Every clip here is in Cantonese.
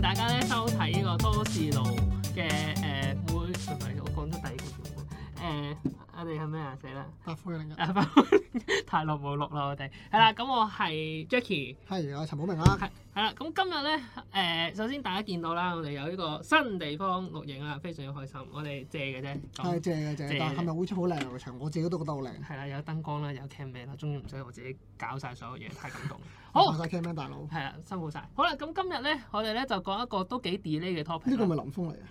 大家咧收睇呢個多士路嘅誒會，唔、呃、係我講咗第二個。叫、呃、誒。我哋係咩顏色咧？百科101，白、啊、 太耐冇錄啦！我哋係啦，咁我係 Jackie，係我陳寶明啦，係啦。咁今日咧，誒、呃、首先大家見到啦，我哋有呢個新地方錄影啦，非常開心。我哋借嘅啫，借嘅借，但係咪會出好靚嘅場？我自己都覺得好靚。係啦，有燈光啦，有 cameraman 啦，終於唔使我自己搞晒所有嘢， 太感動。好曬 cameraman 大佬，係啊，辛苦晒。好啦，咁今日咧，我哋咧就講一個都幾 delay 嘅 topic。呢個係咪林峰嚟啊？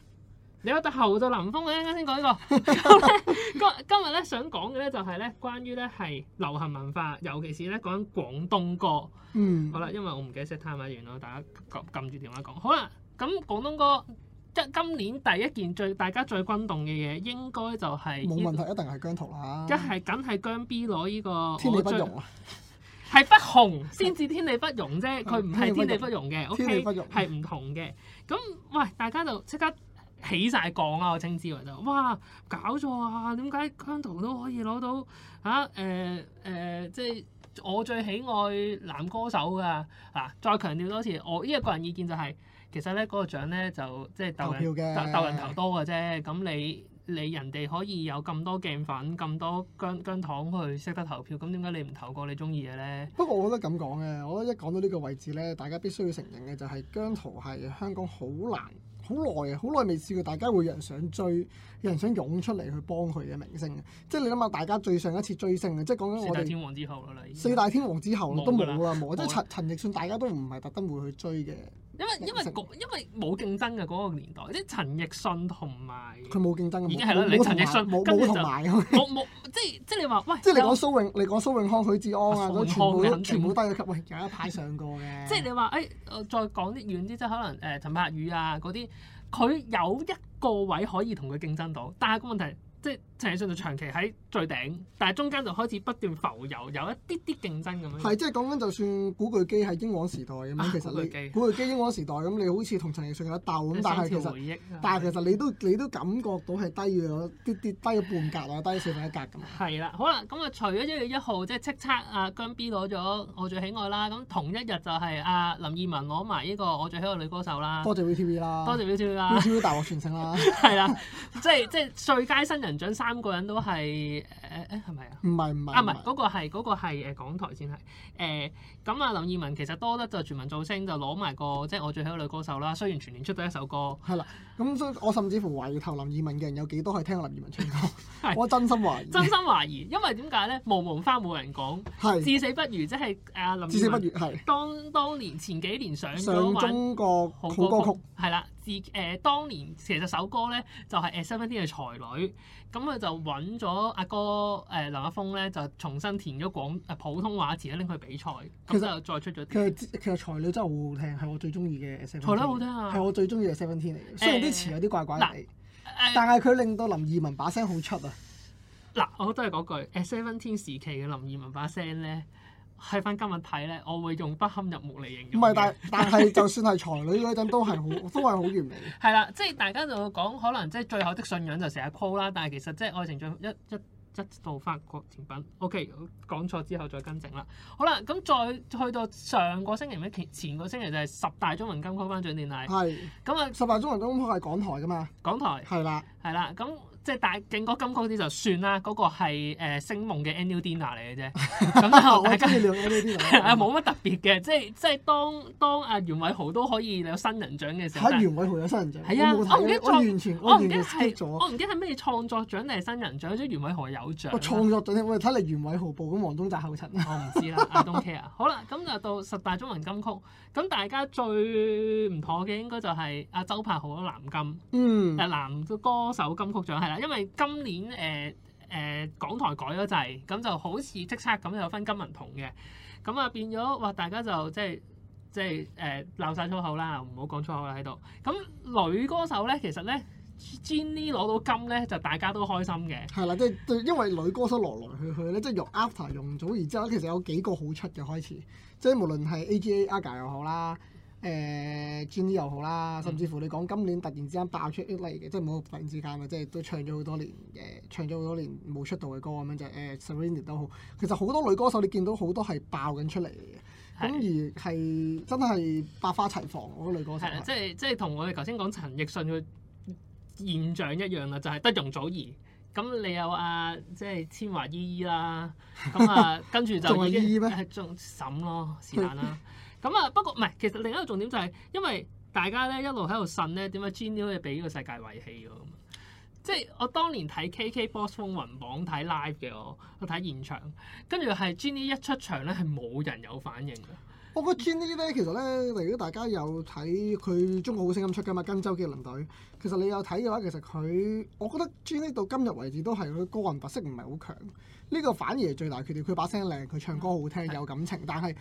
你覺得後到林峯咧？啱先講呢個， 今今日咧想講嘅咧就係咧關於咧係流行文化，尤其是咧講緊廣東歌。嗯，好啦，因為我唔記得 set time 咪完咯，原來大家撳住電話講。好啦，咁廣東歌即今年第一件最大家最轟動嘅嘢，應該就係、是、冇問題，一定係姜濤嚇、啊。一係梗係姜 B 攞呢、這個天理不容啊！係不紅先至天理不容啫，佢唔係天理不容嘅。O K，係唔同嘅。咁喂、呃，大家就即刻。起晒講啦！我稱之為就，哇搞錯啊！點解姜濤都可以攞到嚇？誒、啊、誒、呃呃，即係我最喜愛男歌手㗎啊，再強調多次，我呢個個人意見就係、是，其實咧嗰、那個獎咧就即係鬥嘅，鬥人頭多嘅啫。咁你你人哋可以有咁多鏡粉、咁多姜姜糖去識得投票，咁點解你唔投過你中意嘅咧？不過我覺得咁講嘅，我覺得一講到呢個位置咧，大家必須要承認嘅就係姜濤係香港好難。好耐啊！好耐未試過，大家會有人想追，有人想湧出嚟去幫佢嘅明星，即係你諗下，大家最上一次追星嘅，即係講緊我哋四大天王之後啦，四大天王之後都冇啦，冇，即係陳陳奕迅大家都唔係特登會去追嘅。因為、嗰個、因為因為冇競爭嘅嗰、嗰個年代，即係陳奕迅同埋佢冇競爭嘅，已經係啦。無你陳奕迅冇冇同埋，冇冇無即係即係你話喂，即係你講、哎、蘇永，你講蘇永康、許志安啊，全部全部低咗級，喂、嗯、有一排上過嘅、哎。即係你話誒，再講啲遠啲，即係可能誒陳柏宇啊嗰啲，佢有一個位可以同佢競爭到，但係個問題即係。陳奕迅就長期喺最頂，但係中間就開始不斷浮游，有一啲啲競爭咁樣。係，即係講緊就算古巨基係英皇時代咁樣，啊、其實古巨基英皇時代咁，你好似同陳奕迅有得鬥咁，但係其實，回憶但係其實你都你都感覺到係低咗跌跌低咗半格啊，低咗四分一格咁。係啦， 好啦，咁啊，除咗一月一號即係叱咤，啊姜 B 攞咗我最喜愛啦，咁同一日就係啊林二汶攞埋呢個我最喜愛女歌手啦。多謝 VTV 啦。多謝 VTV 啦。VTV 大獲全勝啦。係啦， 即係即係最佳新人獎 三個人都係誒誒係咪啊？唔係唔係啊，唔係嗰個係嗰、那個、呃、港台先係誒。咁、呃、啊，林二汶其實多得就全民造星就攞埋個，即、就、係、是、我最喜愛女歌手啦。雖然全年出咗一首歌，係啦。咁所以我甚至乎懷疑投林二汶嘅人有幾多係聽林二汶唱歌？ 的我真心懷疑， 真心懷疑，因為點解咧？茫茫《霧霧花》冇人講，至死不渝，即係阿林二汶。至死不渝，係、就是。當當年前幾年上上中國好歌曲係啦。誒、呃、當年其實首歌咧就係誒 Seventeen 嘅才女，咁佢、嗯、就揾咗阿哥誒、呃、林一峰咧就重新填咗廣誒普通話詞拎去比賽。其實再出咗，啲，其實才女真係好好聽，係我最中意嘅 Seventeen。才女好聽啊，係我最中意嘅 Seventeen 嚟嘅。 雖然啲詞有啲怪怪、呃呃、但係佢令到林二汶把聲好出啊！嗱、呃，我都係嗰句誒 Seventeen 時期嘅林二汶把聲咧。係翻今日睇咧，我會用不堪入目嚟形容。唔係，但但係就算係才女嗰陣 都係好，都係好完美。係啦， 即係大家就會講，可能即係最後的信仰就成日 call 啦。但係其實即係愛情最，一一一到法國甜品。OK，講錯之後再更正啦。好啦，咁再去到上個星期咧，前個星期就係十大中文金曲頒獎典禮。係是。咁啊就，十大中文金曲係港台噶嘛？港台。係啦了，係啦，咁。即係大勁歌金曲啲就算啦，嗰、那個係誒、呃、星夢嘅 n 年度天王嚟嘅啫。咁 大家聊年度天王，係冇乜特別嘅。即係即係當當阿袁偉豪都可以有新人獎嘅時候，袁偉豪有新人獎，係啊！我唔記得我完全，我唔記得係我唔記得係咩創作獎定係新人獎，即係袁偉豪有獎。我創作獎，我睇嚟袁偉豪部咁王東大後塵。 我唔知啦，阿東 K 啊，好啦，咁就到十大中文金曲。咁大家最唔妥嘅應該就係阿周柏豪攞金，嗯，係、呃、歌手金曲獎係。因為今年誒誒、呃呃、港台改咗制，咁就好似即刻咁有分金文銅嘅，咁啊變咗哇、呃、大家就即係即係誒鬧晒粗口啦，唔好講粗口啦喺度。咁女歌手咧，其實咧 Jenny 攞到金咧，就大家都開心嘅。係啦，即係對，因為女歌手來來去去咧，即係用 After 用咗，而之後其實有幾個好出嘅開始，即係無論係 AGA、Aga 又好啦。誒 Jenny 又好啦，甚至乎你講今年突然之間爆出出嚟嘅，嗯、即係冇突然之間嘅，即係都唱咗好多年嘅、呃，唱咗好多年冇出道嘅歌咁樣就誒 Serena 都好，其實好多女歌手你見到好多係爆緊出嚟嘅，咁是而係真係百花齊放好多女歌手。即係即係同我哋頭先講陳奕迅嘅現象一樣啦，就係、是、得容祖兒。咁你有啊，即、就、係、是、千嬅依依啦，咁啊 跟住就已經仲審咯，是但啦。 咁啊，不過唔係，其實另一個重點就係，因為大家咧一路喺度呻咧，點解 Ginny 好似俾呢個世界遺棄咗咁，即係我當年睇 KKBox 風雲榜睇 live 嘅我，我睇現場，跟住係 Ginny 一出場咧，係冇人有反應嘅。我覺得 Ginny 咧，其實咧如果大家有睇佢中國好聲音出㗎嘛，跟周杰倫隊。其實你有睇嘅話，其實佢，我覺得 Ginny 到今日為止都係佢高音特色唔係好強。呢個反而係最大缺點。佢把聲靚，佢唱歌好聽，的有感情，但係。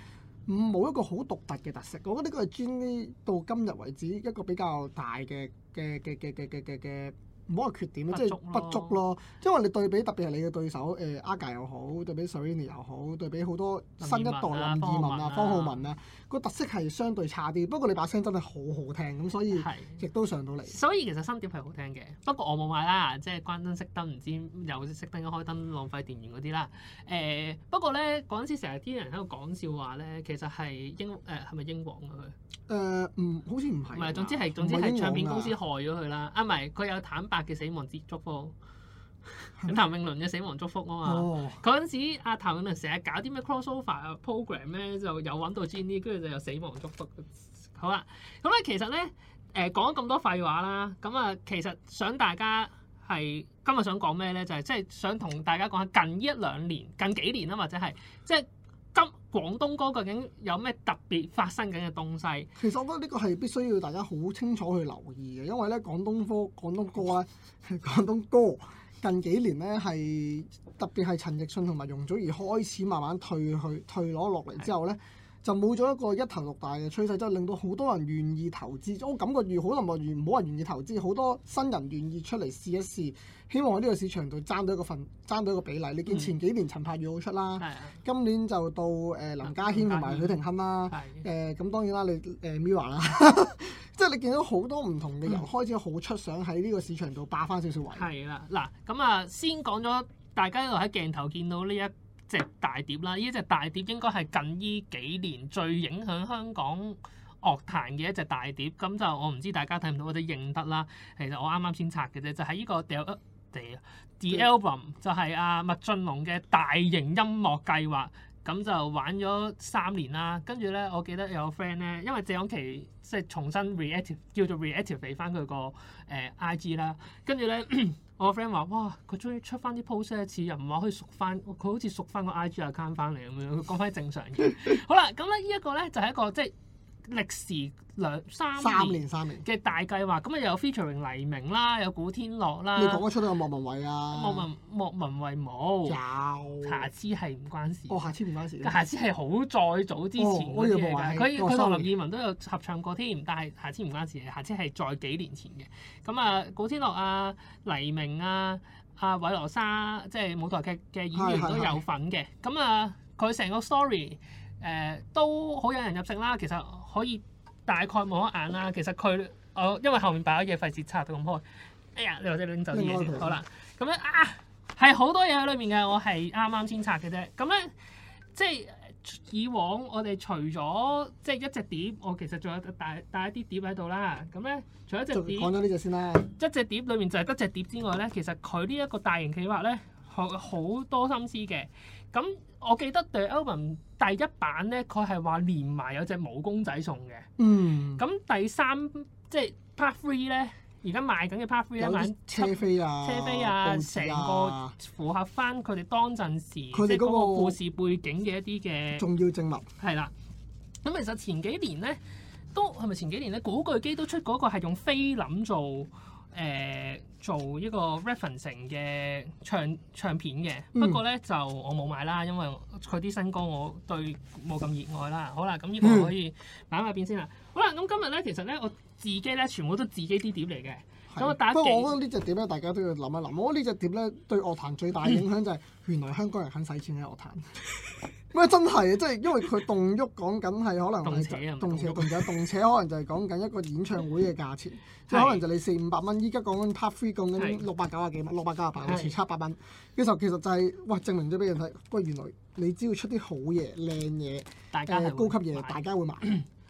冇一個好獨特嘅特色，我覺得呢個係 Gini 到今日為止一個比較大嘅嘅嘅嘅嘅嘅嘅嘅唔好話缺點，即係不足咯。因為你對比特別係你嘅對手誒，阿格又好，對比 Serrini 又好，對比好多新一代林義文啊、方浩文啊。個特色係相對差啲，不過你把聲真係好好聽，咁所以亦係都上到嚟。所以其實新碟係好聽嘅，不過我冇買啦，即係關燈熄燈唔知又熄燈一開燈浪費電源嗰啲啦。誒、呃，不過咧嗰陣時成日啲人喺度講笑話咧，其實係英誒係咪英皇佢？誒、呃，唔好似唔係。唔係，總之係總之係唱片公司害咗佢啦。啊，唔係，佢有坦白嘅死亡接觸喎。譚詠麟嘅《嗯、死亡祝福啊》啊嘛、oh.，嗰陣時阿譚詠麟成日搞啲咩 crossover program 咧，就有搵到 Jennie 跟住就有《死亡祝福》。好啦、啊，咁咧其實咧，誒講咁多廢話啦，咁啊，其實想大家係今日想講咩咧，就係即係想同大家講下近一兩年、近幾年啊，或者係即係今廣東歌究竟有咩特別發生緊嘅東西？其實我覺得呢個係必須要大家好清楚去留意嘅，因為咧廣東歌、廣東歌啊、廣東歌。近幾年呢，係特別係陳奕迅同埋容祖兒開始慢慢退去、退攞落嚟之後呢，是的 就冇咗一個一頭六大嘅趨勢，就令到好多人願意投資。我、哦、感覺越好難，越冇人，人願意投資。好多新人願意出嚟試一試，希望喺呢個市場度爭到一個份、爭到一個比例。你見前幾年陳柏宇好出啦，嗯、今年就到誒、呃、的林家謙同埋許廷鏗啦，咁的、呃、當然啦，你誒 MIRROR 啦。呃呃呃呃呃呃 即係你見到好多唔同嘅人開始好出，想喺呢個市場度霸翻少少位。係啦，嗱咁啊，先講咗大家一度喺鏡頭見到呢一隻大碟啦。呢一隻大碟應該係近呢幾年最影響香港樂壇嘅一隻大碟。咁就我唔知大家睇唔到或者認得啦。其實我啱啱先拆嘅啫，就係呢個《The》《The Album》就係啊麥浚龍嘅大型音樂計劃。咁就玩咗三年啦，跟住咧，我記得有個 friend 咧，因為謝安琪即係重新 reactive 叫做 reactive 俾翻佢個誒、呃、IG 啦，跟住咧我個 friend 話：哇，佢終於出翻啲 post 一次，又唔話可以熟翻，佢好似熟翻個 IG account 翻嚟咁樣，講翻正常嘢。 好啦，咁咧依一個咧就係一個即係。歷時兩三年三年嘅大計劃，咁啊有 featuring 黎明啦，有古天樂啦。你講得出都有莫文蔚啦。莫文莫文蔚冇。有。夏之係唔關事。哦、oh，夏之唔關事。夏之係好再早之前嘅嘢，佢佢同林二汶都有合唱過添，但係夏之唔關事嘅，夏之係再幾年前嘅。咁啊，古天樂啊、黎明啊、阿韋羅莎即係舞台劇嘅演員都有份嘅。咁啊，佢成個 story。誒、呃、都好引人入勝啦，其實可以大概望一眼啦。其實佢我、哦、因為後面擺咗嘢，費事拆到咁開。哎呀，你話拎走啲嘢先好啦。咁、嗯、樣啊，係好多嘢喺裏面嘅。我係啱啱先拆嘅啫。咁、嗯、咧，即係以往我哋除咗即係一隻碟，我其實仲有帶帶一啲碟喺度啦。咁、嗯、咧，除咗一隻碟，講咗呢隻先啦。一隻碟裏面就係得隻碟之外咧，其實佢呢一個大型企劃咧，好好多心思嘅。咁、嗯。我記得 The Album 第一版咧，佢係話連埋有隻毛公仔送嘅。嗯。咁第三即係 Part Three 咧，而家賣緊嘅 Part Three 咧，有啲車飛啊，車飛啊，成、啊、個符合翻佢哋當陣時佢哋嗰個故事背景嘅一啲嘅重要證物係啦。咁其實前幾年咧，都係咪前幾年咧，古巨基都出嗰個係用菲林做。誒、呃、做一個 reference 嘅唱唱片嘅，嗯、不過咧就我冇買啦，因為佢啲新歌我對冇咁熱愛啦。好啦，咁呢個可以擺埋一邊先啦。嗯、好啦，咁今日咧其實咧我自己咧全部都自己啲碟嚟嘅，咁的我打幾？不過我覺得呢隻碟咧，大家都要諗一諗。我呢隻碟咧對樂壇最大影響、嗯、就係原來香港人肯使錢喺樂壇。 咩 真係啊？即係因為佢動喐講緊係可能動車啊，動車，動車， 動車可能就係講緊一個演唱會嘅價錢，即係 是可能就你四五百蚊，依家講緊 part three 講緊六百九啊幾蚊，六百九啊八好似七百蚊。於 是其實就係、是，哇！證明咗俾人睇，嗰原來你只要出啲好嘢、靚嘢，大家、呃、高級嘢，大家會買。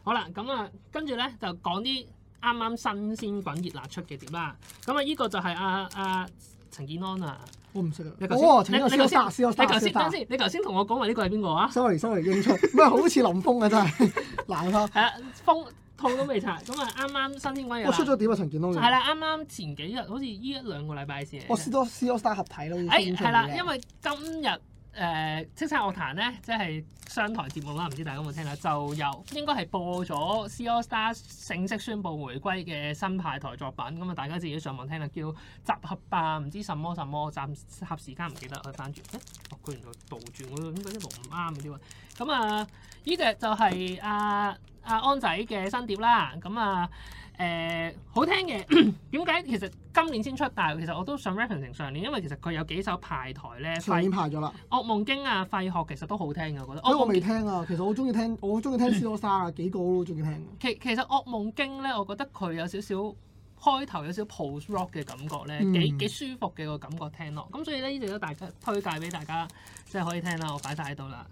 好啦，咁啊，跟住咧就講啲啱啱新鮮滾熱辣出嘅碟啦。咁啊，依個就係阿阿陳建安啊。我唔識啦。好啊，請我先死我三殺。你頭先等先，你頭先同我講話呢個係邊個啊？Sorry Sorry 英出咩？好似林峯啊，真係難睇。係啊，峯套都未拆，咁啊，啱啱新鮮骨肉。我出咗點啊，陳建龍。係啦，啱啱前幾日，好似呢一兩個禮拜先。我試多 C AllStar 合體咯。哎，係啦，因為今日。誒，叱吒樂壇咧，即係商台節目啦，唔知大家有冇聽啦，就又應該係播咗 C All Star 正式宣布回歸嘅新派台作品，咁啊大家自己上網聽啦，叫集合吧、啊，唔知什麼什麼，暫集合時間唔記得，改翻轉，哦佢原來倒轉，我諗嗰一路唔啱嘅啲喎，咁、嗯、啊呢隻、這個、就係阿阿安仔嘅新碟啦，咁、嗯、啊。誒、呃、好聽嘅，點解 其實今年先出大，但係其實我都想 raping 成上年，因為其實佢有幾首派台咧，上年排咗啦。惡夢經啊，廢學其實都好聽嘅，我覺得。欸、我未聽啊，其實我中意聽，我中意聽、嗯、斯多沙啊，幾個都中意聽。其其實惡夢經咧，我覺得佢有少少開頭有少少 post rock 嘅感覺咧，幾幾、嗯、舒服嘅個感覺聽落。咁所以呢，呢、這、啲、個、都大家推介俾大家，即、就、係、是、可以聽啦。我擺晒喺度啦。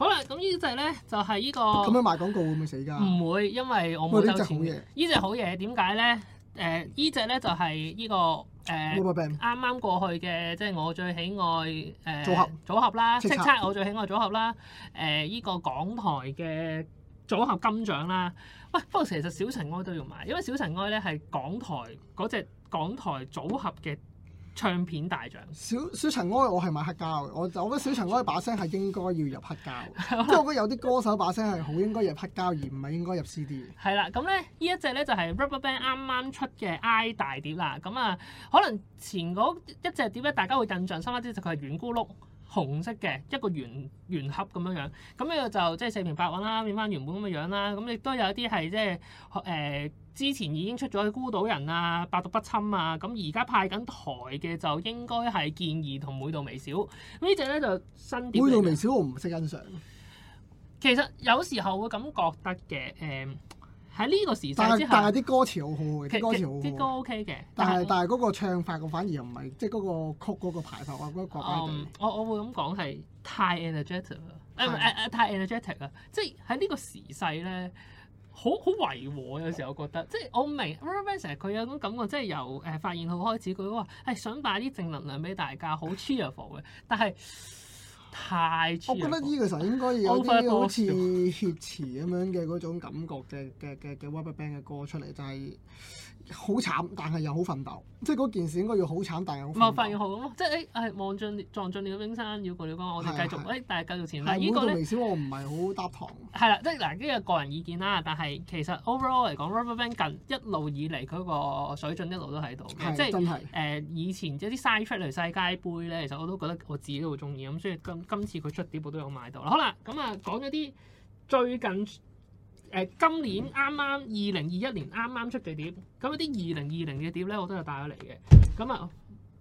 好啦，咁呢隻咧就係呢個。咁樣賣廣告會唔會死㗎？唔會，因為我冇收錢。呢隻好嘢，點解咧？誒，呢隻咧就係呢個誒，啱啱過去嘅，即係我最喜愛誒組合組合啦，叱吒我最喜愛組合啦。誒，呢個港台嘅組合金獎啦。喂，不過其實小塵埃都要買，因為小塵埃咧係港台嗰隻港台組合嘅。唱片大獎，小小塵埃我係買黑膠，我我覺得小塵埃把聲係應該要入黑膠，即係 我覺得有啲歌手把聲係好應該入黑膠而唔係應該入 CD。係啦， 咁咧呢一隻咧就係 Rubberband 啱啱出嘅 I 大碟啦，咁、嗯、啊可能前嗰一隻碟咧大家會印象深刻啲，就佢係圓咕碌紅色嘅一個圓圓盒咁樣樣，咁咧個就即係四平八穩啦，變翻原本咁嘅樣啦，咁亦都有一啲係即係誒。呃之前已經出咗《孤島人》啊，《百毒不侵》啊，咁而家派緊台嘅就應該係《建議》同《每度微小》呢。呢隻咧就新碟？每度微小我唔識欣賞。其實有時候會咁覺得嘅，誒喺呢個時勢之下，但係啲歌詞好好嘅，啲歌詞好啲歌 OK 嘅。但係是但係嗰個唱法，我反而又唔係，即係嗰個曲嗰個排法，那個嗯、我覺得我我會咁講係太 energetic 太啊，誒誒太 energetic 啊，即係喺呢個時勢咧。好好違和，有時候我覺得，即係我明 RubberBand 成日佢有種感覺，即係由誒、呃、發現好開始，佢都話係想擺啲正能量俾大家，好 cheerful 嘅，但係太 cheerful，我覺得呢個時候應該要有啲好似協詞咁樣嘅嗰種感覺嘅嘅嘅嘅 RubberBand 嘅歌出嚟，就係、是。好慘，但係又好奮鬥，即係嗰件事應該要好慘，但係好。咪發現好咯，即係誒望盡撞盡咗冰山，繞過咗關，我哋繼續誒，的哎、但繼續前進。的但係呢個明顯我唔係好搭堂。係啦，即係嗱呢個個人意見啦，但係其實 overall 嚟講，Rubberband 近一路以嚟佢個水準一路都喺度，即係誒以前即啲 side 類似世界杯咧，其實我都覺得我自己都好中意咁，所以今今次佢出碟我都有買到啦。好啦，咁、嗯、啊、嗯、講咗啲最近。誒今年啱啱二零二一年啱啱出嘅碟，咁啲二零二零嘅碟咧，我都有帶咗嚟嘅。咁啊，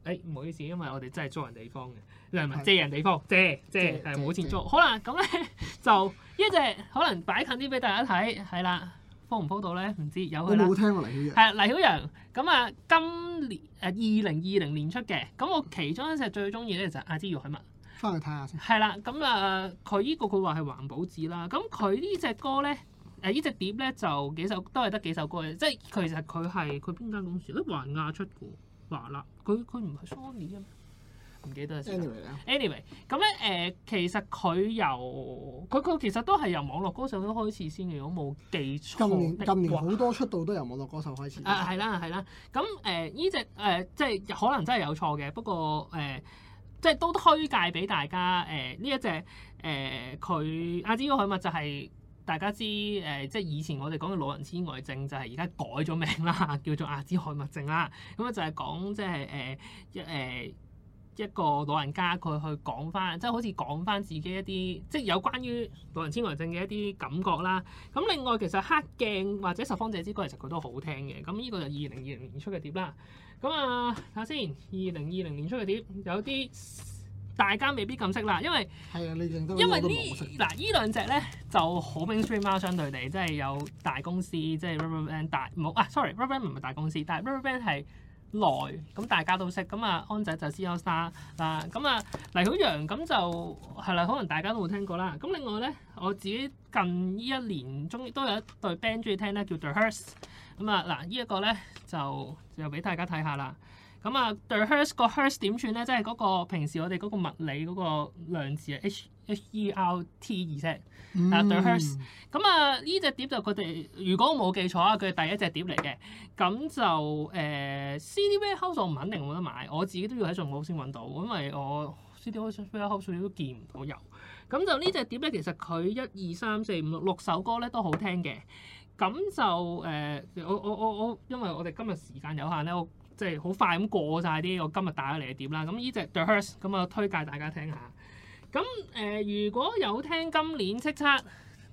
誒、哎、唔好意思，因為我哋真係租人地方嘅，係咪？嗯、借人地方借借誒冇借借錢租。人好啦，咁咧 就一隻可能擺近啲俾大家睇，係啦，鋪唔鋪到咧？唔知有冇聽過黎曉陽，係黎曉陽。咁、嗯、啊，今年誒二零二零年出嘅，咁我其中一隻最中意咧就係阿姿玉海文，翻去睇下先。係啦，咁啊佢呢個佢話係環保紙啦，咁佢呢隻歌咧。誒呢、啊、隻碟咧就幾首都係得幾首歌嘅，即係其實佢係佢邊間公司？都華亞出嘅華納，佢佢唔係 Sony 啊？唔記得咗。Anyway, anyway，咁咧誒，其實佢由佢佢其實都係由網絡歌手都開始先嘅，如果冇記錯。近年、嗯、近年好多出道都由網絡歌手開始。誒係啦係啦，咁誒呢隻誒、呃、即係可能真係有錯嘅，不過誒、呃、即係都推介俾大家誒呢、呃、一隻誒佢亞洲海物就係、是。啊大家知誒、呃，即係以前我哋講嘅老人痴呆症就係而家改咗名啦，叫做阿茲海默症啦。咁啊就係講即係誒誒一個老人家佢去講翻，即係好似講翻自己一啲即係有關於老人痴呆症嘅一啲感覺啦。咁另外其實黑鏡或者拾荒者之歌其實佢都好聽嘅。咁呢個就二零二零年出嘅碟啦。咁啊睇下先，二零二零年出嘅碟有啲。大家未必咁識啦，因為係啊，你認得好多模嗱，依兩隻咧就好 mainstream 啦，相對地，即係有大公司，即係 RubberBand 大冇啊，sorry RubberBand 唔係大公司，但係 RubberBand 係內咁大家都識。咁啊，安仔就 C AllStar 啦，咁啊，黎曉陽咁就係啦，可能大家都冇聽過啦。咁另外咧，我自己近呢一年中都有一對 band 中意聽咧，叫做 The Hurts 咁啊，嗱，呢一個咧就就俾大家睇下啦。咁、嗯嗯、啊，對 Hertz 個 Hertz 點算咧？即係嗰個平時我哋嗰個物理嗰個量字啊，H E R T 二聲，對 Hertz 咁啊，呢隻碟就佢哋如果我冇記錯啊，佢係第一隻碟嚟嘅。咁就誒，CD Warehouse 唔肯定冇得買，我自己都要喺上網先揾到，因為我、呃、CD Warehouse Warehouse 都見唔到有。咁就呢隻碟咧，其實佢一二三四五六六首歌咧都好聽嘅。咁就誒，我我我我，因為我哋今日時間有限咧，我。即係好快咁過晒啲，我今日帶咗嚟嘅碟啦。咁呢隻 The Hertz 咁啊，推介大家聽下。咁誒、呃，如果有聽今年叱咤，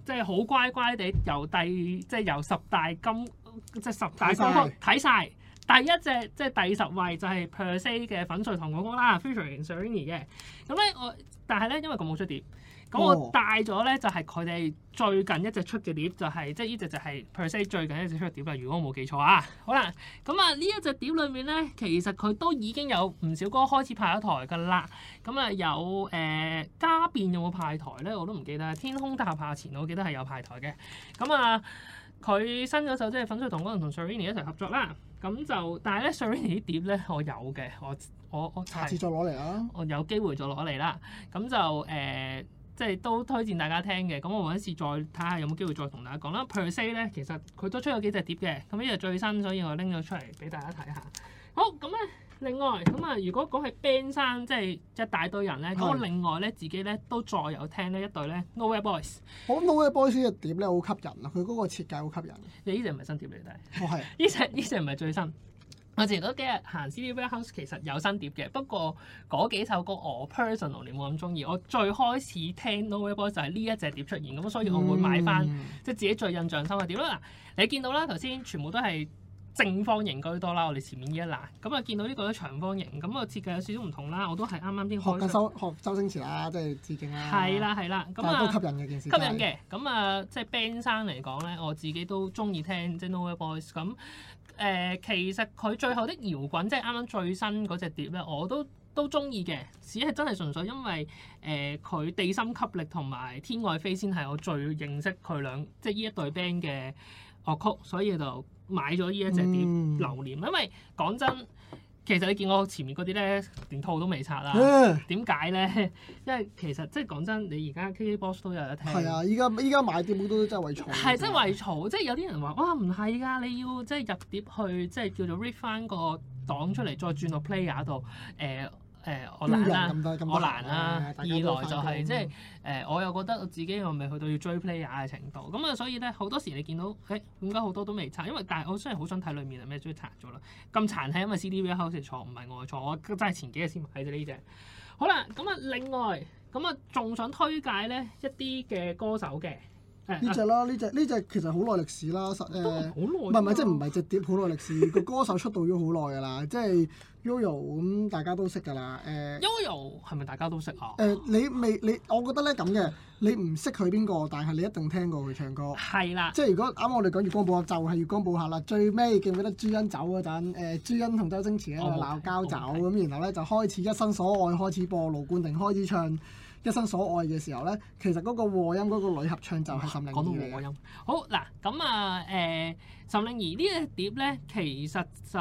即係好乖乖地由第即係由十大金即係十大金曲睇晒。第一隻即係第十位就係 Perse 嘅粉碎糖果歌啦，Future 及嘅。咁咧 我，但係咧因為佢冇出碟。咁我帶咗咧，就係佢哋最近一隻出嘅碟，就係、是、即係呢隻就係 per se 最近一隻出嘅碟啦。如果我冇記錯啊，好啦。咁啊，一呢一隻碟裏面咧，其實佢都已經有唔少歌開始派咗台㗎啦。咁啊，有誒加變有冇派台咧？我都唔記得。天空塔拍前我記得係有派台嘅。咁啊，佢新咗首即係粉碎糖果同 Serrini 一齊合作啦。咁就但係咧 Serrini 啲碟咧我有嘅，我我我下次再攞嚟啊。我有機會再攞嚟啦。咁就誒。呃即係都推薦大家聽嘅，咁我嗰陣再睇下有冇機會再同大家講啦。Per se 咧，其實佢都出咗幾隻碟嘅，咁呢隻最新，所以我拎咗出嚟俾大家睇下。好，咁咧另外咁啊，如果講係 band 山，即係一大堆人咧，咁我另外咧自己咧都再有聽呢一隊咧 No Way Boys。好，No Way Boys 呢隻碟咧好吸引啊，佢嗰個設計好吸引。你呢隻唔係新碟嚟㗎？哦，係啊。呢隻呢隻唔係最新。我之前嗰幾日行 CD warehouse 其實有新碟嘅，不過嗰幾首歌我 personally 冇咁中意。我最開始聽 No Way Boys 就係呢一隻碟出現，咁所以我會買翻即係自己最印象深嘅碟啦。嗱、嗯，你見到啦，頭先全部都係正方形居多啦，我哋前面呢一欄。咁啊見到呢個都長方形，咁啊設計有少少唔同啦。我都係啱啱先學周星馳啦，即係致敬啦。係啦係啦，咁啊吸引嘅件事，吸引嘅。咁啊即係 band 生嚟講咧，我自己都中意聽即係、就是、No Way Boys 咁。誒、呃、其實佢最後的搖滾即係啱啱最新嗰隻碟咧，我都都中意嘅，只係真係純粹因為誒佢、呃、地心吸力同埋天外飛仙，係我最認識佢兩，即係呢一隊 band 嘅樂曲，所以就買咗呢一隻碟、嗯、留念，因為講真。其實你見我前面嗰啲咧，連套都未拆啦。點解咧？ 因為其實即係講真，你而家 KKBox 都有得聽。係啊、yeah,，依家依家買碟好多都真係為嘈。係，真係為嘈。即係有啲人話：哇，唔係㗎，你要即係入碟去，即係叫做 rip e 翻個檔出嚟，再轉落 player 度誒。呃誒、呃、我難啦，我難啦。二來就係即係誒，我又覺得我自己又未去到要追 player 嘅程度。咁、嗯、啊，所以咧好多時你見到誒，點解好多都未拆？因為但係我真係好想睇裡面係咩，追拆咗啦。咁殘係因為 CDV 開成錯，唔係我錯。我真係前幾日先睇啫呢隻。好啦，咁、嗯、啊另外，咁啊仲想推介咧一啲嘅歌手嘅。呢隻啦，呢隻呢隻其實好耐歷史啦，實耐唔係唔係，即係唔係隻碟好耐歷史，個歌手出道咗好耐噶啦，即係 Yoyo 咁大家都識噶啦，誒。Yoyo 係咪大家都識啊？誒，你未你，我覺得咧咁嘅，你唔識佢邊個，但係你一定聽過佢唱歌。係啦，即係如果啱啱我哋講月光寶盒，就係月光寶盒啦。最尾記唔記得朱茵走嗰陣？誒，朱茵同周星馳喺度鬧交走，咁然後咧就開始一生所愛開始播，盧冠廷開始唱。一生所愛嘅時候咧，其實嗰個和音嗰、那個女合唱就係岑寧兒。講、啊、到和音，好嗱咁啊，誒岑寧兒呢隻碟咧，其實就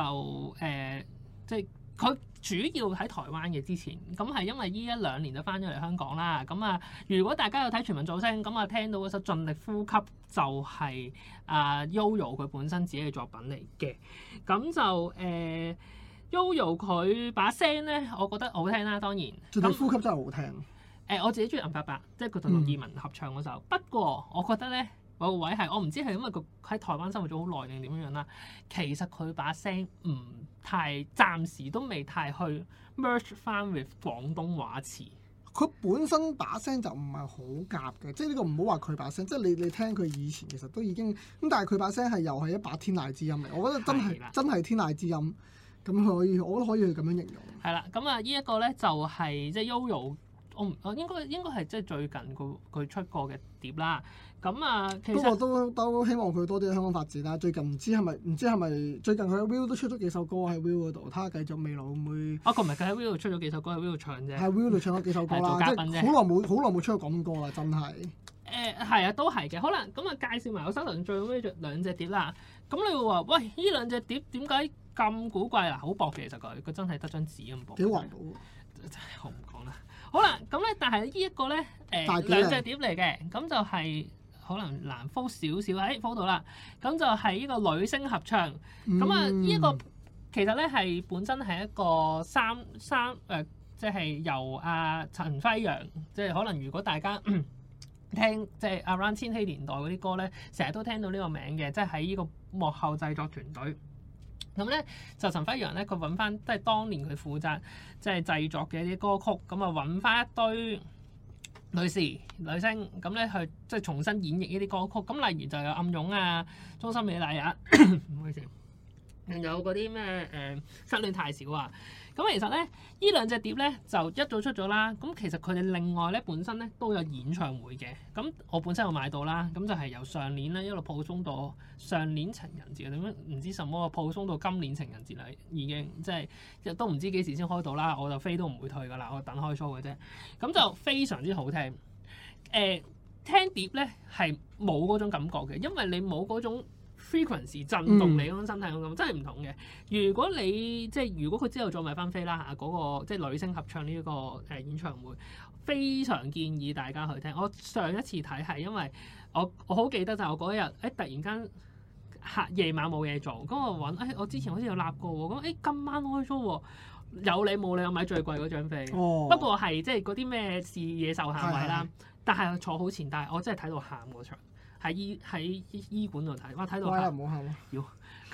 誒即係佢主要喺台灣嘅之前，咁係因為呢一兩年就翻咗嚟香港啦。咁啊，如果大家有睇全民造星，咁啊聽到嗰首盡力呼吸就係、是、啊、呃、Yoyo 佢本身自己嘅作品嚟嘅。咁就誒、呃、Yoyo 佢把聲咧，我覺得好聽啦，當然盡力呼吸那真係好聽。誒、欸、我自己中意銀伯伯，yeah, 即係佢同林二汶合唱嗰首。不過、嗯、我覺得咧，我個位係我唔知係因為佢喺台灣生活咗好耐定點樣樣啦。其實佢把聲唔太，暫時都未太去 merge 翻 with 廣東話詞。佢本身把聲就唔係好夾嘅，即係呢個唔好話佢把聲，即、就、係、是、你你聽佢以前其實都已經咁，但係佢把聲係又係一把天籟之音嚟。我覺得真係、嗯、真係天籟之音，咁佢可以我都可以去咁樣形容。係啦，咁啊，呢一個咧就係即係 Yoyo。我唔、哦，應該應該係即係最近佢出過嘅碟啦。咁、嗯、啊，不過都都希望佢多啲喺香港發展啦。最近唔知係咪，唔知係咪最近佢 Will 都出咗幾首歌喺 Will 嗰度。睇下繼續未來會唔會？啊，佢唔係佢喺 Will 度出咗幾首歌喺 Will 度唱啫。喺 Will 度唱咗幾首歌，好耐冇好耐冇出過咁歌啦，真係。誒、嗯，係、呃、啊，都係嘅。可能咁啊，介紹埋我新藏最尾兩隻碟啦。咁你會話喂，呢兩隻碟點解咁古怪啊？好薄，其實佢佢真係得張紙咁薄。幾環保真係好。好啦，咁咧，但係呢一個咧，誒兩隻碟嚟嘅，咁就係、是、可能難 fold 少少啦。誒、哎、fold 到啦，咁就係呢個女聲合唱咁啊。呢一、嗯、個其實咧係本身係一個三三誒，即、呃、係、就是、由阿、啊、陳輝陽，即、就、係、是、可能如果大家聽即係 around 千禧年代嗰啲歌咧，成日都聽到呢個名嘅，即係喺呢個幕後製作團隊。咁咧就陳輝陽咧，佢揾翻即係當年佢負責即係製作嘅一啲歌曲，咁啊揾翻一堆女士、女聲，咁咧去即係、就是、重新演繹呢啲歌曲。咁例如就有暗湧啊、終身美麗啊，唔好意思，有嗰啲咩誒失戀太少啊。咁其實咧，呢兩隻碟咧就一早出咗啦。咁其實佢哋另外咧本身咧都有演唱會嘅。咁我本身有買到啦。咁就係由上年咧一路鋪鬆到上年情人節點樣，唔知什麼啊鋪鬆到今年情人節啦。已經即係都唔知幾時先開到啦。我就飛都唔會退㗎啦，我等開 show 嘅啫。咁就非常之好聽。誒、呃，聽碟咧係冇嗰種感覺嘅，因為你冇嗰種。frequency 振動你嗰種心態，嗰種真係唔同嘅。如果你即係如果佢之後再買翻飛啦嚇，嗰、那個即係女星合唱呢一個誒演唱會，非常建議大家去聽。我上一次睇係因為我我好記得就係我嗰一日誒突然間嚇夜晚冇嘢做，咁我揾、哎、我之前好似有立過，咁誒、哎、今晚開咗、啊、有你冇你，我買最貴嗰張飛。哦、不過係即係嗰啲咩視野受限位啦，的但係坐好前，但係我真係睇到喊嗰場。喺醫喺醫醫館度睇，哇睇到嚇，唔好喊咯，要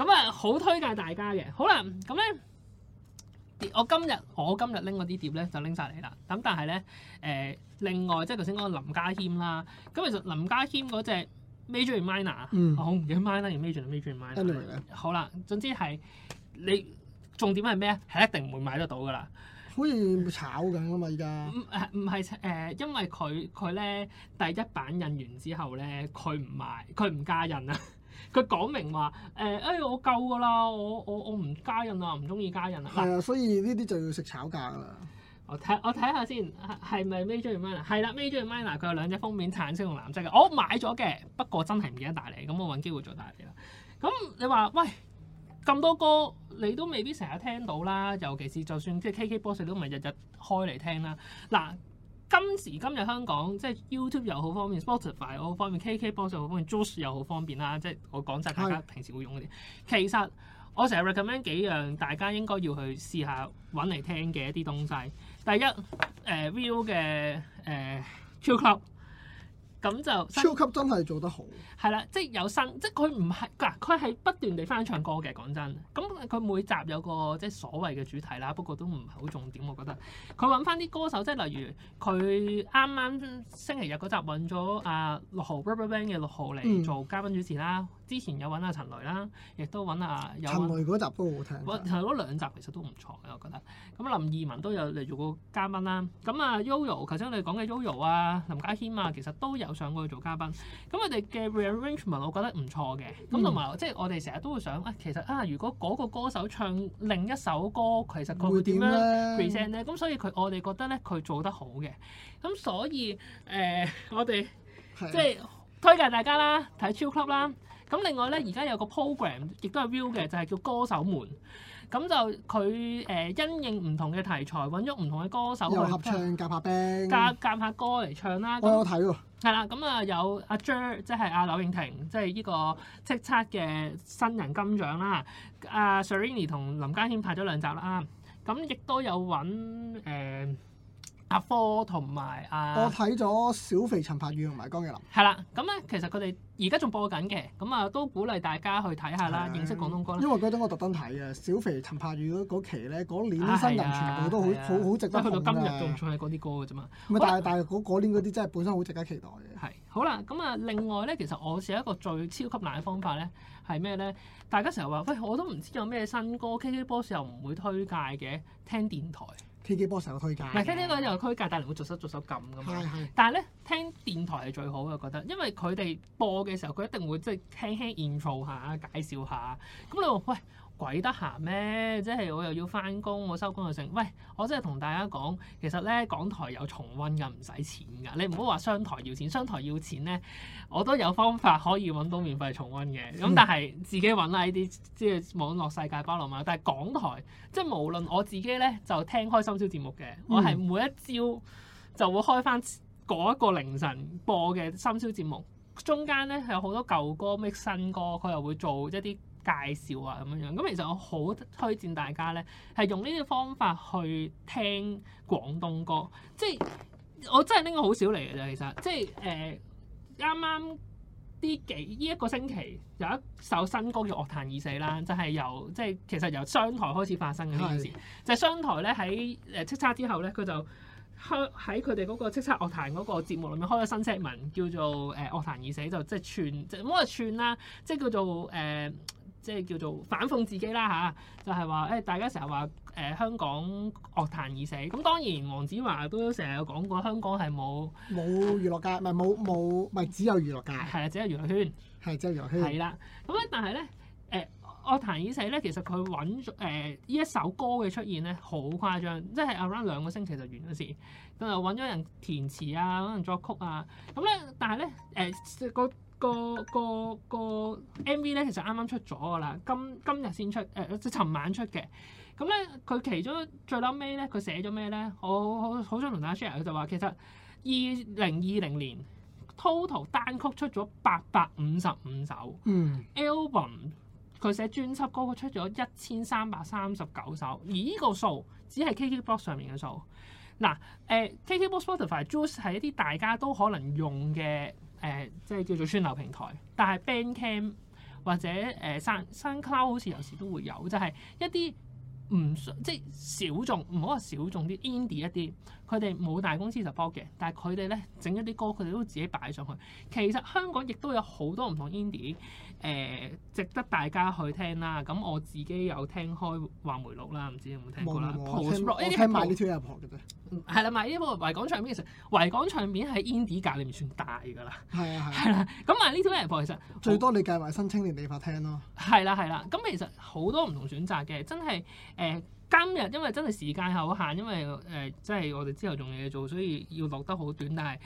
咁啊，好推介大家嘅。好啦咁咧，我今日我今日拎嗰啲碟咧就拎晒嚟啦，咁但係咧誒另外即係頭先講林家謙啦，咁其實林家謙嗰隻 major minor，、嗯哦、我唔記得 minor in major major in minor，、嗯、好啦總之係你重點係咩啊？係一定唔會買得到噶啦。好似炒緊啊嘛！而家唔誒唔係因為佢佢咧第一版印完之後咧，佢唔賣，佢唔加印啊！佢 講明話誒、呃，哎我夠噶啦，我我我唔加印啊，唔中意加印啊！係啊，所以呢啲就要食炒價噶啦、啊。我睇我睇下先係咪 Major Minor？係啦，Major Minor 佢有兩隻封面橙色同藍色嘅，我、哦、買咗嘅，不過真係唔記得帶嚟，咁我揾機會做帶嚟啦。咁你話喂？咁多歌你都未必成日聽到啦，尤其是就算即係 KKBOX 都唔係日日開嚟聽啦。嗱，今時今日香港即係 YouTube 又好方便，Spotify 又好方便，KKBOX 又好方便，便，JOOX 又好方便啦。即係我講晒大家平時會用嗰啲。是其實我成日 recommend 幾樣大家應該要去試下揾嚟聽嘅一啲東西。第一，誒 Viu 嘅 Chill Club。咁就超級真係做得好，係啦，即係有新，即係佢唔係，嗱佢係不斷地翻唱歌嘅，講真。咁佢每集有個即係所謂嘅主題啦，不過都唔係好重點，我覺得。佢揾翻啲歌手，即係例如佢啱啱星期日嗰集揾咗阿六號 Rubberband 嘅六號嚟做嘉賓主持啦。嗯、之前有揾阿、啊、陳雷啦，亦都揾阿、啊、陳雷嗰集都好聽，揾嗰兩集其實都唔錯嘅，我覺得。咁林二汶都有嚟做過嘉賓啦。咁啊 Yoyo，頭先我哋講嘅 Yoyo 啊，林家謙啊，其實都有。上過去做嘉賓，咁我哋嘅 rearrangement 我覺得唔錯嘅，咁同埋即係我哋成日都會想啊，其實啊，如果嗰個歌手唱另一首歌，其實佢會點樣 present 咧？咁所以佢我哋覺得咧，佢做得好嘅。咁所以誒、呃，我哋即係推介大家啦，睇 Chill Club 啦。咁另外咧，而家有個 program 亦都係 view 嘅，就係、是、叫歌手們。咁就佢誒、呃、因應唔同嘅題材，揾咗唔同嘅歌手嚟合唱、夾下冰、夾夾歌嚟唱啦。我有睇喎。係啦，咁啊 有阿張，即係阿柳應廷，即係呢個叱吒嘅新人金獎啦。阿、啊、Serrini 同林家謙拍咗兩集啦，咁亦都有揾誒，嗯 阿科同埋啊，我睇咗小肥、陳柏宇同埋江若琳，係啦，咁、嗯、咧其實佢哋而家仲播緊嘅，咁、嗯、啊都鼓勵大家去睇下啦，的認識廣東歌啦。因為嗰種我特登睇啊，小肥、陳柏宇嗰期咧，嗰年新人全部都好好好值得去到今日個金曲都唔錯嘅嗰啲歌嘅啫嘛。唔但係是好但係嗰年嗰啲真係本身好值得期待嘅。係好啦，咁啊另外咧，其實我試一個最超級難嘅方法咧，係咩咧？大家成日話，喂我都唔知有咩新歌，K K Boss 又唔會推介嘅，聽電台。呢機波成個推介，嗱聽聽嗰啲又推介，但係會逐手逐手撳㗎嘛。的但係咧，聽電台係最好嘅，我覺得，因為佢哋播嘅時候，佢一定會即係輕輕 intro 下，介紹下。咁你話，喂？鬼得閒咩？即係我又要翻工，我收工又剩。喂，我真係同大家講，其實咧，港台有重温嘅，唔使錢㗎。你唔好話商台要錢，商台要錢咧，我都有方法可以揾到免費重温嘅。咁、嗯、但係自己揾下呢啲即係網絡世界包羅萬有，但係港台即係無論我自己咧，就聽開深宵節目嘅，嗯、我係每一朝就會開翻嗰一個凌晨播嘅深宵節目。中間咧有好多舊歌，mix 新歌，佢又會做一啲。介紹啊咁樣樣。咁其實我好推薦大家咧，係用呢啲方法去聽廣東歌。即係我真係拎個好少嚟嘅啫，其實即係誒啱啱呢幾呢一個星期有一首新歌叫《樂壇已死》啦，就係、是、由即係其實由商台開始發生嘅呢件事。嗯、就商台咧喺誒叱咤之後咧，佢就喺佢哋嗰個叱咤樂壇嗰個節目裏面開咗新 segment 叫做誒《樂壇已死》，就即係串即係唔好話串啦，即係叫做誒。呃呃即係叫做反諷自己啦，吓、啊，就係話誒大家成日話誒香港樂壇已死，咁當然黃子華都成日有講過香港係冇冇娛樂界，唔冇冇，咪只有娛樂界，係啊，只有娛樂圈，係只有娛樂圈。係、嗯、啦，咁咧但係咧誒樂壇已死咧，其實佢揾咗誒呢一首歌嘅出現咧好誇張，即係 around 兩個星期就完咗事，咁就揾咗人填詞啊，可能作曲啊，咁、嗯、咧但係咧誒個。呃呃個個個 MV 咧，其實啱啱出咗噶啦，今今日先出，誒即係尋晚出嘅。咁咧佢其中最撈尾咧，佢寫咗咩咧？我好想同大家 share 佢就話其實二零二零年 total 單曲出咗八百五十五首、嗯、，album 佢寫專輯歌曲出咗一千三百三十九首，而呢個數只係 KKBox 上面嘅數。嗱誒，KKBox、呃、X, Spotify、JOOX 係一啲大家都可能用嘅。誒、呃、即係叫做串流平台，但係 Bandcamp 或者誒 Sound SoundCloud 好似有時都會有，就係、是、一啲唔即係小眾，唔好話小眾啲 Indie 一啲。佢哋冇大公司就播嘅，但係佢哋咧整一啲歌，佢哋都自己擺上去。其實香港亦都有好多唔同 indie 誒、呃，值得大家去聽啦。咁我自己有聽開話梅鹿啦，唔知你有冇聽過啦。沒沒摳我聽埋呢啲 two 人 pop 嘅啫。係啦摳，埋呢 two 維港唱片，其實維港唱片喺 indie 界裏面算大㗎啦。係啊係。係啦，咁埋呢 two 人 pop 其實最多你計埋新青年理髮廳咯。係啦係啦，咁其實好多唔同選擇嘅，真係誒。今日因為真係時間有限，因為誒、呃、即係我哋之後仲有嘢做，所以要落得好短。但係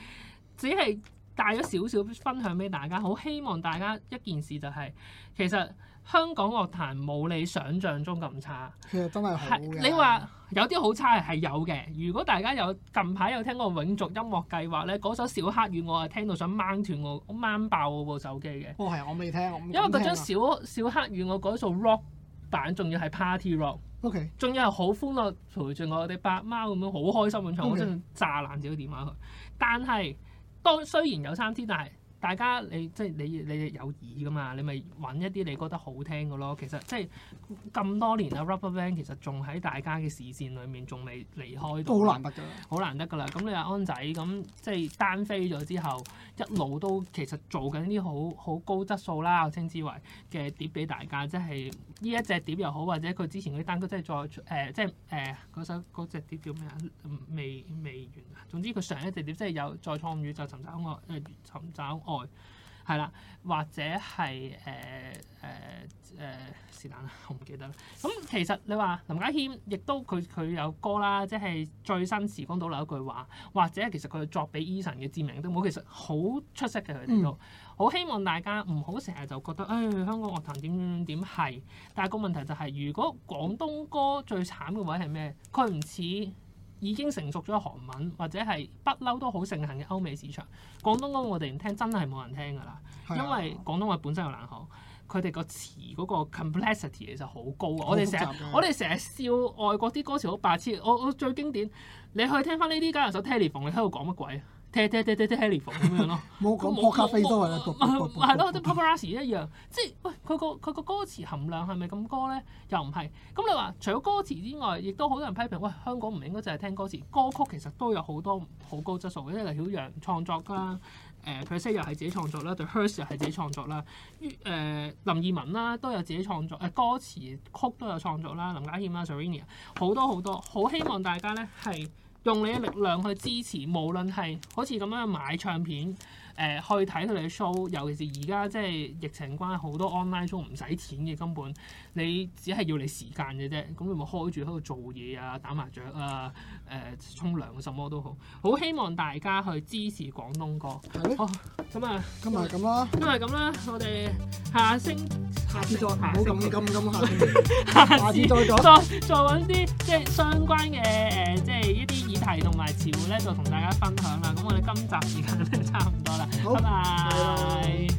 只係帶咗少少分享俾大家。好希望大家一件事就係、是，其實香港樂壇冇你想像中咁差。其實真係係你話有啲好差係有嘅。如果大家有近排有聽過永續音樂計劃咧，嗰首《小黑魚》我係聽到想掹斷我掹爆我部手機嘅。哦，係我未聽，未聽因為嗰張小《小小黑魚》我嗰首 rock 版仲要係 party rock。仲 Okay. 有係好歡樂陪住我哋八貓咁樣，好開心咁唱。Okay. 我真係炸爛自己電話佢。但係當雖然有三天，但係。大家你即係你你有耳噶嘛？你咪揾一啲你覺得好聽嘅咯。其實即係咁多年啊，Rubberband 其實仲喺大家嘅視線裏面，仲未離開到。好難得㗎，好難得㗎啦。咁你阿安仔咁即係單飛咗之後，一路都其實做緊啲好好高質素啦，我稱之為嘅碟俾大家。即係呢一隻碟又好，或者佢之前啲單曲即、呃，即係再誒即係誒嗰首嗰隻碟叫咩啊？未未完。啊。總之佢上一隻碟即係有再創宇宙，尋找我誒，尋找我。找我找我係啦， 或者係誒誒誒是但啦、呃呃呃，我唔記得啦。咁其實你話林家謙亦都佢佢有歌啦，即係最新時光倒流一句話，或者其實佢作俾 Eason 嘅知名都冇，其實好出色嘅。佢哋都好、嗯、希望大家唔好成日就覺得誒、哎、香港樂壇點點點係，但係個問題就係、是、如果廣東歌最慘嘅位係咩？佢唔似。已經成熟咗韓文或者係不嬲都好盛行嘅歐美市場，廣東歌我哋唔聽真係冇人聽㗎啦，的因為廣東話本身又難學，佢哋個詞嗰個 complexity 其實好高啊！我哋成日我哋成日笑外國啲歌詞好白痴，我我最經典，你去聽翻呢啲家下手 Telephone，你喺度講乜鬼啊？聽聽 r r y Fox 咁樣咯，冇講咖啡都係一個，係咯，啲 Pavarotti 一樣，即係喂佢個佢個歌詞含量係咪咁高咧？又唔係。咁、嗯、你話除咗歌詞之外，亦都好多人批評喂香港唔應該淨係聽歌詞，歌曲其實都有好多好高質素嘅，例如曉陽創作㗎，誒佢又係自己創作啦，The Hurst 又係自己創作啦，誒、呃、林二汶啦都有自己創作、呃，歌詞曲都有創作啦，林家謙啦 Serrini 好多好多，好希望大家咧係。用你嘅力量去支持，無論係好似咁樣買唱片，誒、呃、去睇佢哋嘅 show，尤其是而家即係疫情關係好多 online show 唔使錢嘅，根本你只係要你時間嘅啫。咁你咪開住喺度做嘢啊、打麻雀啊、誒沖涼，什麼都好。好希望大家去支持廣東歌。係咧的。哦，咁啊，今日係咁啦。今日係咁啦，我哋下星。下次再，唔好咁咁咁行。下次再咁咁咁，下次再再再再揾啲即係相關嘅誒，即、呃、係、就是、一啲議題同埋詞彙咧，就同大家分享啦。咁我哋今集時間都差唔多啦，拜拜好。Bye bye